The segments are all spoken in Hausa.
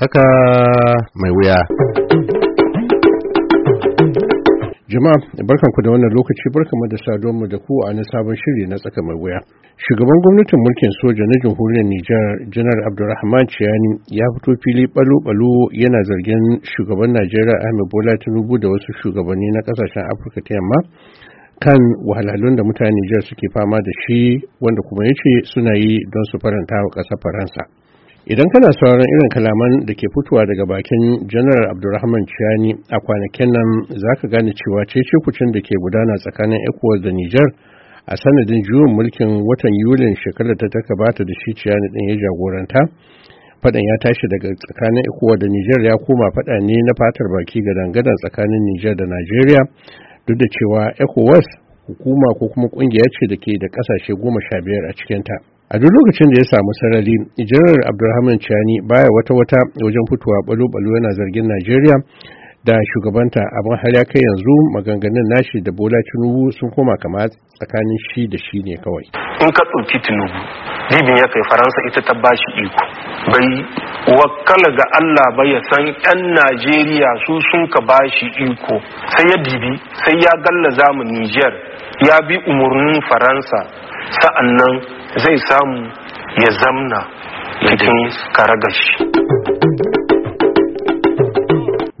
Saka mai wuya. Jama'a barkan ku da wannan lokaci mu da mu da ku a na sabon shiri na tsaka mai wuya. Shugaban gwamnatin mulkin soja na jamhuriyar Nijar Janar Abdulrahman Ciyani ya fito fili balo-balo yana zargin shugaban Najeriya Ahmed Bola Tinubu da wasu shugabanni na kasashen Afirka ta yamma kan wahalhalun da mutane Nijar suke fama da shi wanda kuma ya ce suna yi don su faranta wa ƙasar Faransa. idan kana sauraron irin kalaman da ke fitowa daga bakin janar abdulrahman ciyani a kwanakin nan za ka gane cewa cece-kucin da ke gudana tsakanin ecuador da niger a sanadin juyin mulkin watan yulin shekarar ta taka bata da shi ciyani din ya jagoranta fadan ya tashi daga tsakanin ecuador da niger ya koma fada ne na fatar baki ga dangadan tsakanin niger da nigeria duk da cewa ecowas hukuma ko kuma kungiya ce da ke da kasashe goma sha biyar a cikinta a duk lokacin da ya samu sarari janar abdulrahman chani baya wata wata wajen fitowa balo-balo yana zargin najeriya da shugabanta abin har ya kai yanzu maganganun nashi da bola tinubu sun koma kama tsakanin shi da shi ne kawai in ka tsoki tinubu bibin ya kai faransa ita ta ba shi iko bai wakala ga allah ba ya san yan najeriya su sun ka ba shi iko sai ya dibi sai ya galla zamu niger ya bi umarnin faransa sa'annan zai samu ya zamna cikin karagashi.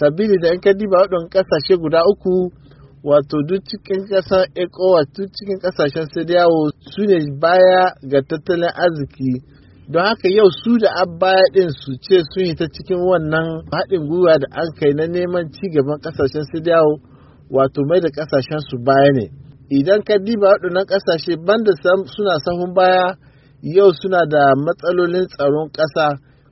sabili da in ka diba waɗannan ƙasashe guda uku wato duk cikin ƙasar ecowas duk cikin ƙasashen sai su ne baya ga tattalin arziki don haka yau su da baya ɗin su ce sun yi ta cikin wannan haɗin gwiwa da an kai na neman ci gaban ƙasashen sai wato mai da ƙasashen su baya ne idan ka diba waɗannan ƙasashe banda suna sahun baya yau suna da matsalolin tsaron ƙasa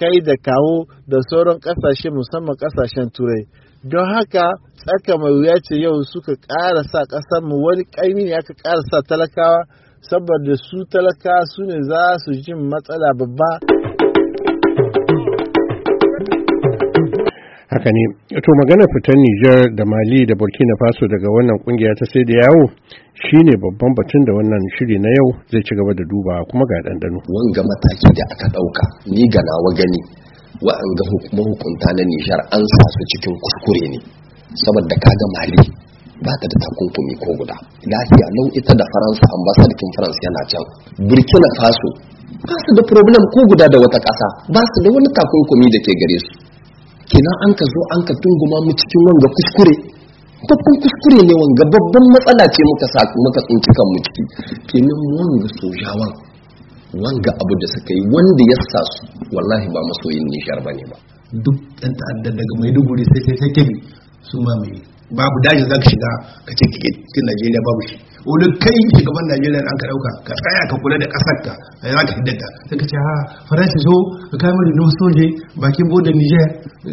kai da kawo da sauran kasashe musamman kasashen turai don haka tsaka mai wuya ce yau suka ƙara sa mu wani ƙaimi ne aka ƙara sa talakawa saboda su talakawa su ne za su jin matsala babba haka ne to magana fitar Nijar da Mali da Burkina Faso daga wannan kungiya ta sai da yawo shine babban batun da wannan shiri na yau zai ci gaba da duba kuma ga dandano wanga mataki da aka dauka ni ga nawa gani wa'anga hukunta na Nijar an sa su cikin kuskure ne saboda kaga Mali ba ta da takunkumi ko guda lafiya lau ita da Faransa ambasadikin Faransa yana can Burkina Faso ba su da problem ko guda da wata ƙasa ba su da wani takunkumi da ke gare su kina an ka zo an ka tunguma mu cikin wanga kuskure babban kuskure ne wanga babban matsala ce muka sa muka tsinci kan mu ciki kenan wanga sojawan wanga abu da suka yi wanda ya sa su wallahi ba masoyin shar bane ba duk dan ta'adda daga maiduguri sai sai sai kemi su ma mai babu dajin zaka shiga ka ce cikin Najeriya babu shi wani kai ne gaban najeriya an ka dauka ka tsaya ka kula da kasar ka a za ka hiddata ta ka ce ha faransa so ka kai da na soje bakin bodin niger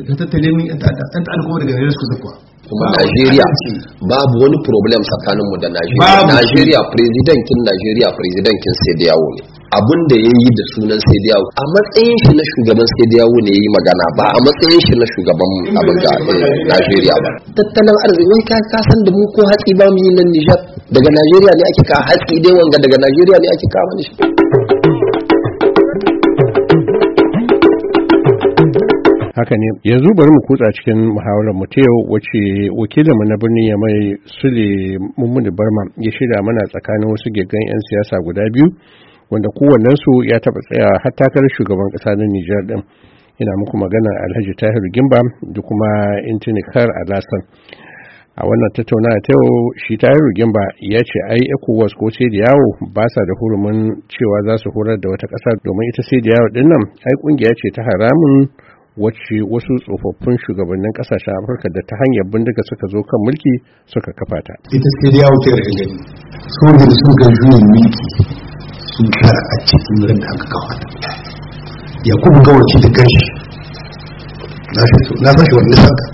ka tattale min yan ta'adda kuma daga najeriya su zakuwa kuma Najeriya babu wani problem tsakaninmu da Najeriya Najeriya presidentin Najeriya presidentin Sediyawo ne abun da ya yi da sunan Sediyawo a matsayin shi na shugaban Sediyawo ne ya yi magana ba a matsayin shi na shugaban abin da eh, Najeriya ba tattalin arzikin wai ka san da mu ko hatsi ba mu yi nan Nijar daga najeriya ne ake ka hatsi dai wanga daga najeriya ne ake kama shi haka ne yanzu bari mu kutsa cikin muhawarar mu ta yau wace wakilinmu na birnin ya mai sule mummuni barma ya shirya mana tsakanin wasu gaggan 'yan siyasa guda biyu wanda kowannensu ya taɓa tsaya har takarar shugaban ƙasa na nijar ɗin ina muku magana alhaji tahiru gimba da kuma kar alasan a wannan tattaunawa ta yau shi ta yi rugin ba ya ce ai ecowas ko sai da yawo ba sa da hurumin cewa za su horar da wata ƙasa domin ita sai da yawo din nan ai kungiya ce ta haramun wacce wasu tsofaffin shugabannin kasashen afirka da ta hanyar bindiga suka zo kan mulki suka kafa ta ita sai da ta yarda su da sun ga juyin mulki sun sha a cikin ran da aka kafa ta yakubu gawarci da kanshi na sashi wani saka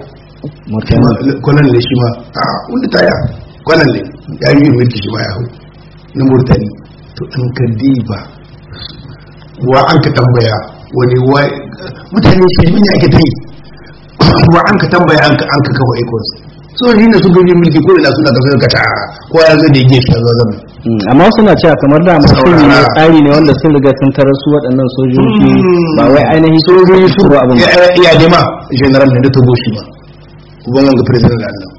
kwanan ne shi ma a wanda ta ya kwanan ne ya yi mulki shi ma ya hau na murtani to an ka diba wa an ka tambaya wani wa mutane su yi ake ta yi wa an ka tambaya an ka kawo su. so ni na su gani mulki ko ina suna kasar kata kwaya ko ya zo da yi gefe zo zama amma suna cewa kamar da mutum ne tsari ne wanda sun riga sun tarar su waɗannan sojoji ba wai ainihin sojoji su ba abin ya dema general ne da togo shi ba kuma ga president da Allah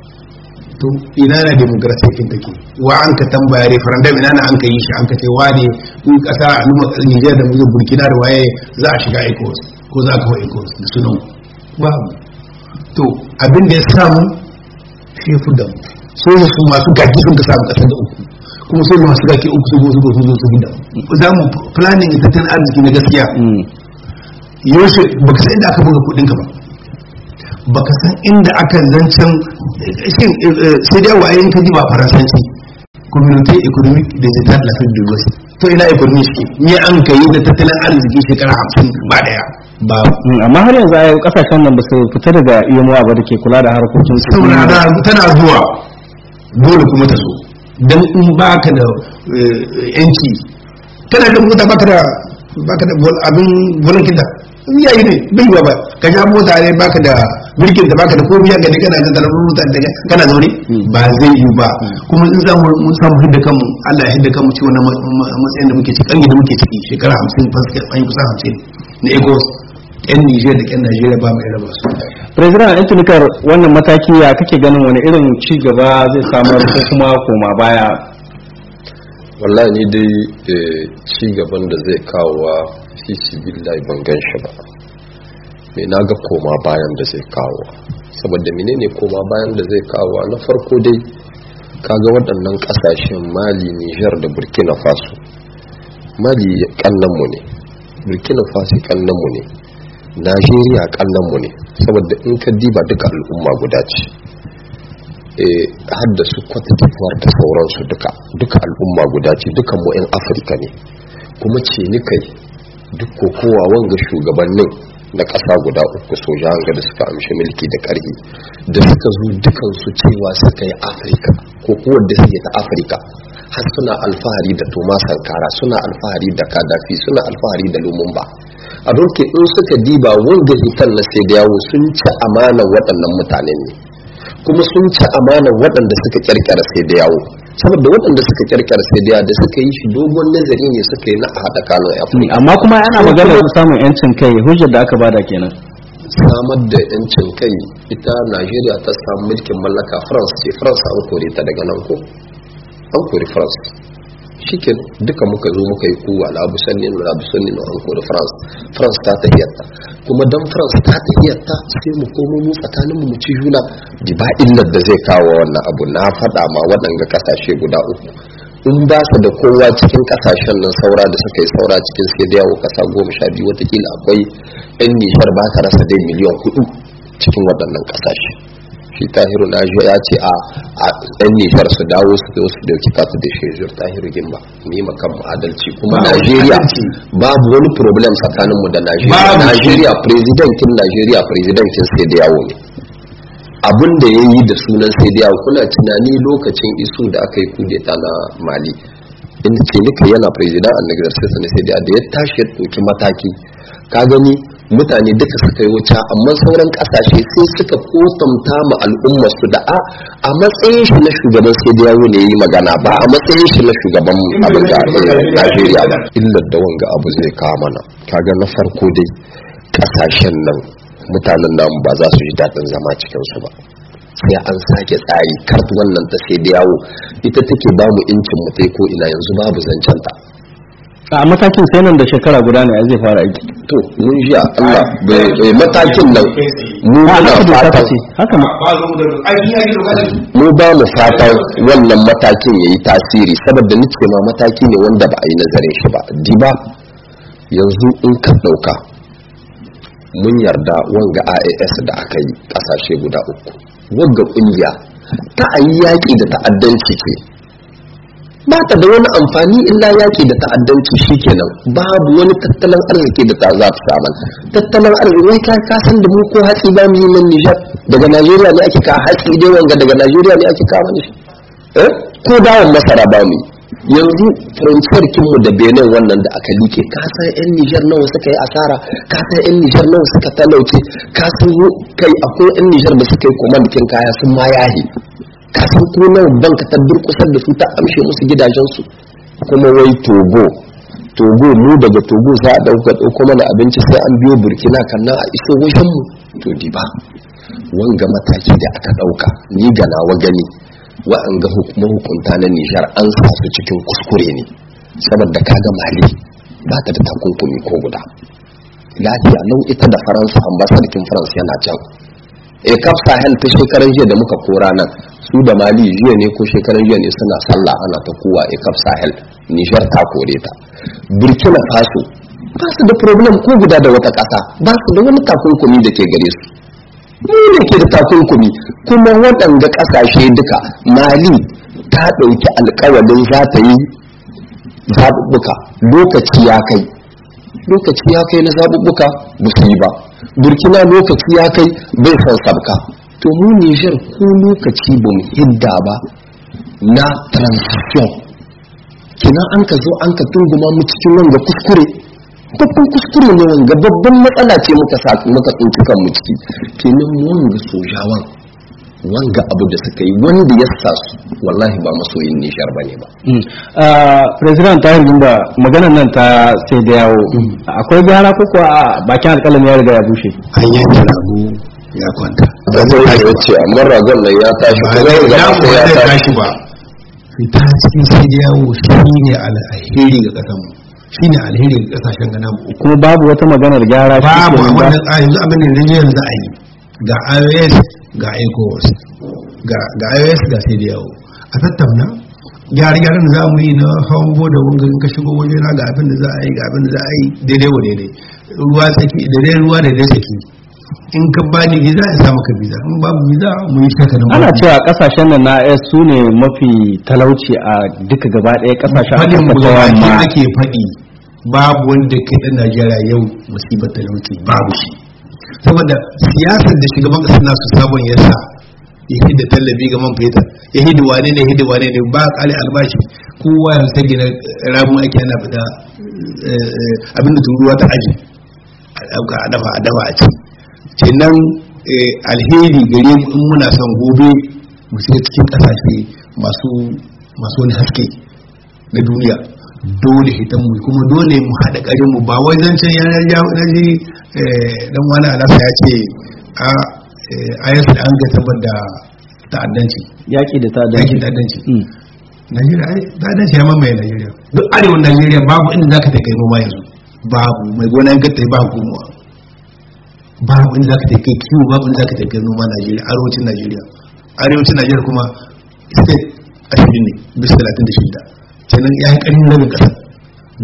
to ina na demokrasiya kin take wa an ka tambaya referendum ina na an ka yi shi an ka ce wane in kasa a numa Niger da mu Burkina da waye za a shiga ECOWAS ko za ka hawa ECOWAS da sunan babu to abin da ya samu sai fu da soja su masu gaji sun ka samu kasar da uku kuma sai masu gaji uku su zo su zo su gida za mu planning tattalin arziki na gaskiya mm. yau shi baka sai inda aka buga kudin ka ba baka san inda aka zancen shi eh, eh, sai dai wa ka ji ba faransanci community economic digital la fin dubai to ina economy shi Ni an kai da tattalin arziki shekara 50 ba daya ba hmm, amma har yanzu ai kasashen nan ba su fita daga iyamuwa e ba da ke kula da harkokin su da tana zuwa dole kuma ta zo dan in baka da eh, yanci tana da mota baka da baka da abin gurin kida yayi ne bai ba ba ka sha mota ne baka da birkin da baka da ko biyan gani kana da tarbar mota kana zaune hmm. ba zai yi ba hmm. kuma in za mu samu hidda kanmu Allah ya hidda kanmu ci wannan matsayin da muke ciki kangi da muke ciki shekara 50 fasika an kusa 50 na egos yan Nijar da yan Najeriya ba mai raba su President Anthony Kar wannan mataki ya kake ganin wani irin ci gaba zai samar ko kuma koma baya wallahi ni dai eh, ci gaban da zai kawo wa fi billahi ban gan shi ba me na ga koma bayan da zai kawo wa saboda ne koma bayan da zai kawo wa na farko dai kaga waɗannan ƙasashen mali nijar da burkina faso mali ƙannanmu ne burkina faso ƙannanmu ne najeriya ƙannanmu ne saboda in ka diba duka al'umma guda ce Eh, haddasa da su kwatatifuwar da sauransu duka duka al'umma guda ce dukan mu 'yan afirka ne kuma ce ni kai duk kokowa wanga shugabannin na ƙasa guda uku sojan ga da suka amshi mulki da ƙarfi da suka zo dukansu cewa suka yi afirka ko da suke ta afirka har suna alfahari da toma sankara suna alfahari da kadafi suna alfahari da lumumba a doke in suka diba wanda hitar na sai da yawo sun ci amanar waɗannan mutane ne kuma sun ci amanar waɗanda suka kirkira sai da yawo saboda waɗanda suka kirkira sai da da suka yi shi dogon nazari ne suka yi na a haɗa kano ya fi hmm, amma kuma ana magana samun yancin kai hujjar da aka bada kenan samar da yancin kai ita najeriya ta samu mulkin mallaka france ce france an kore ta daga nan ko an kori france shikin duka muka zo muka yi kuwa la abu sannin la abu sannin an da France France ta tahiyarta kuma dan France ta tahiyarta sai mu komo mu tsakanin mu ci juna ba illar da zai kawo wannan abu na fada ma waɗanga kasashe guda uku in ba su da kowa cikin kasashen nan saura da suka yi saura cikin sai da yawo kasa goma sha biyu watakila akwai yan nishar ba ta rasa dai miliyan hudu cikin waɗannan kasashe shi tahiru na ya ce a yan nishar su dawo su zo su dauki kasu da shezur tahiru gimba mu makan adalci kuma najeriya babu wani problem mu da najeriya najeriya presidentin najeriya presidentin sai da yawo ne abin da ya yi da sunan sai da yawo kuna tunani lokacin isu da aka yi kudeta na mali in ce nika yana president a nigeria sai da ya tashi ya mataki ka gani mutane duka suka yi wuta amma sauran kasashe sai suka kotamta ma al'umma su da a a matsayin shi na shugaban sai da yawo ne yi magana ba a matsayin shi na shugaban abin da eh, Najeriya ba illar da wanga abu zai kawo mana kaga na farko dai kasashen nan mutanen namu ba za su ji daɗin zama cikinsu ba sai an sake tsari kar wannan ta sai da yawo ita take bamu mu incin mu ko ina yanzu babu zancen ta a matakin sai nan da shekara guda ne zai fara aiki to mun shi Allah bai matakin nan mu mu fata haka ma mu ba mu fata wannan matakin yayi tasiri saboda ni ma mataki ne wanda ba a yi nazarin shi ba diba yanzu in ka dauka mun yarda wanga AAS da aka yi kasashe guda uku wanga kungiya ta ayi yaki da ta'addanci ce ba ta da wani amfani illa yaki da ta'addanci shikenan babu wani tattalin arziki da ta za ta samun tattalin arziki wai ka kasan da mu ko hatsi ba mu yi nan Nijar daga Najeriya ne ake ka hatsi dai wanga daga Najeriya ne ake kawo eh ko dawon masara ba mu yanzu frontier kinmu da Benin wannan da aka like ka yan Nijar nawa suka yi asara ka yan Nijar nawa suka talauce ka san kai akwai yan Nijar da suka yi kuma kin kaya sun ma yahi ka san ko nawa banka ta durkusar da su ta amshe musu gidajensu kuma wai togo togo mu daga togo za a dauka dauko mana abinci sai an biyo burkina kan a iso wajen mu to di ba wanga mataki da aka dauka ni ga nawa gani wa'anga mahukunta na nijar an sa cikin kuskure ne saboda kaga mali ba ta da takunkumi ko guda lafiya nau ita da faransa ambasadikin faransa yana can e kaf sahel ta shekaran jiya da muka kora nan su da mali jiya ne ko shekaran jiya ne suna sallah ana ta kowa kaf sahel nishar ta kore ta burkina faso ba su da problem ko guda da wata kasa ba su da wani takunkumi da ke gare su mu ne ke da takunkumi kuma waɗanda ƙasashe duka mali ta ɗauki alƙawarin za ta yi zaɓuɓɓuka lokaci ya kai lokaci ya kai na zaɓuɓɓuka ba su yi ba burkina lokaci ya kai bai son sabka to mu Nijar ko lokaci ba mu hidda ba na transition kina an ka zo an ka tunguma mu cikin wanga kuskure babban kuskure ne wanga babban matsala ce muka sa muka tsinci mu ciki kenan wanga sojawan wanga abu da suka yi wanda ya sa su wallahi ba masoyin ne ba ne ba. Hmm. Ah, president ta yi da magana nan ta sai da yawo hmm. akwai gyara ko a bakin alƙalami ya riga ya bushe. an yanke rago ya kwanta da zai yi ce amma ragon nan ya tashi ba zai zama ya tashi ba fita cikin sai da yawo shi ne alheri ga mu shi ne alheri ga kasashen gana mu kuma babu wata maganar gyara shi babu a wannan tsari yanzu abin da yanzu yanzu a yi ga ios ga ecowas ga ios ga sai da yawo a tattauna gyare-gyaren za mu yi na hawan boda wanga in ka shigo waje na ga abin da za a yi ga abin da za a yi daidai wa daidai ruwa tsaki daidai ruwa daidai tsaki in ka ba ni visa in samu ka visa in babu visa mu yi ta kana ana cewa kasashen nan na AS su ne mafi talauci a duka gaba ɗaya kasashen a cikin kowa ma ake faɗi babu wanda ke dan Najeriya yau musibar talauci babu shi saboda siyasar da shugaban kasa na su sabon yasa ya hidda tallafi ga man fetur ya hidda wane ne hidda wane ne ba kare albashi kowa ya ta gina ramu ake yana fita eh, eh, abinda turuwa ta aji a dafa a dafa a ci kenan eh, alheri gare mu in muna son gobe mu shiga cikin kasashe masu masu wani haske na duniya dole hitan mu kuma dole mu haɗa ƙarin mu ba wai zancen yanar yaji eh, dan wani alasa ya ce a ayas eh, da an ga da ta'addanci yaƙi da ta'addanci ta'addanci mm. Najeriya ai ta'addanci ya mamaye Najeriya duk arewa Najeriya babu inda ka ta kai noma yanzu babu mai gona in ka ta ba hukumawa babu inda zaka tafi kiwo babu inda zaka tafi noma Najeriya arewacin Najeriya arewacin Najeriya kuma state ashirin ne bis talatin da shida kenan ya karin daga kasa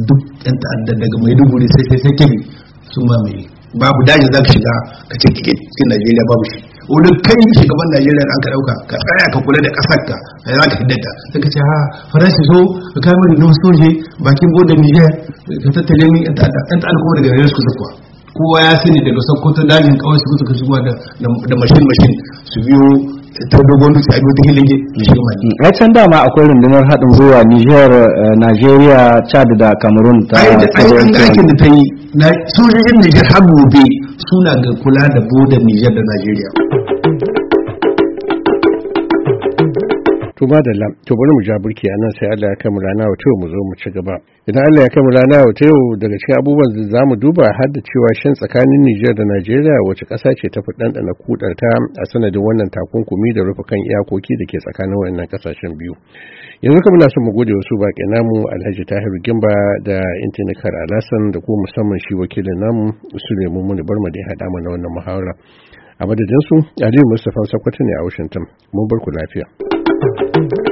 duk yan ta'adda daga Maiduguri sai sai sai kebe sun mai babu dajin ka shiga ka ce kike cikin Najeriya babu shi wani kai shugaban Najeriya da aka dauka ka tsaya ka kula da kasar ka da za ka hiddata sai ka ce ha faransa so ka kai mani na soje bakin bodin Niger ka tattale ni yan ta'adda yan ta'adda kuma daga Niger suka zakuwa kowa ya sani daga sokoto dajin kawai su suka shigo da mashin mashin su biyo ta dogon dutse a biyo ta hilinge da shi mali ai can dama akwai rundunar haɗin zuwa Niger eh, Nigeria Chad da Cameroon ta ai da aikin da ta yi sojojin Niger har gobe suna ga kula da bodar Niger da Nigeria to madalla to bari mu ja burki a nan sai Allah ya kai mu rana wato mu zo mu ci gaba idan Allah ya kai mu rana wato daga cikin abubuwan da zamu duba har da cewa shin tsakanin Niger da Najeriya wace ƙasa ce ta fi ɗanɗana kudarta a sanadin wannan takunkumi da rufe kan iyakoki da ke tsakanin wannan ƙasashen biyu yanzu kuma muna son mu gode wasu baƙi namu Alhaji Tahir Gimba da Intinikar Alasan da kuma musamman shi wakilin namu Suleiman Muni Barma da ya haɗa mana wannan muhawara a madadinsu Aliyu Mustapha Sakwato ne a Washington mun bar ku lafiya Gracias.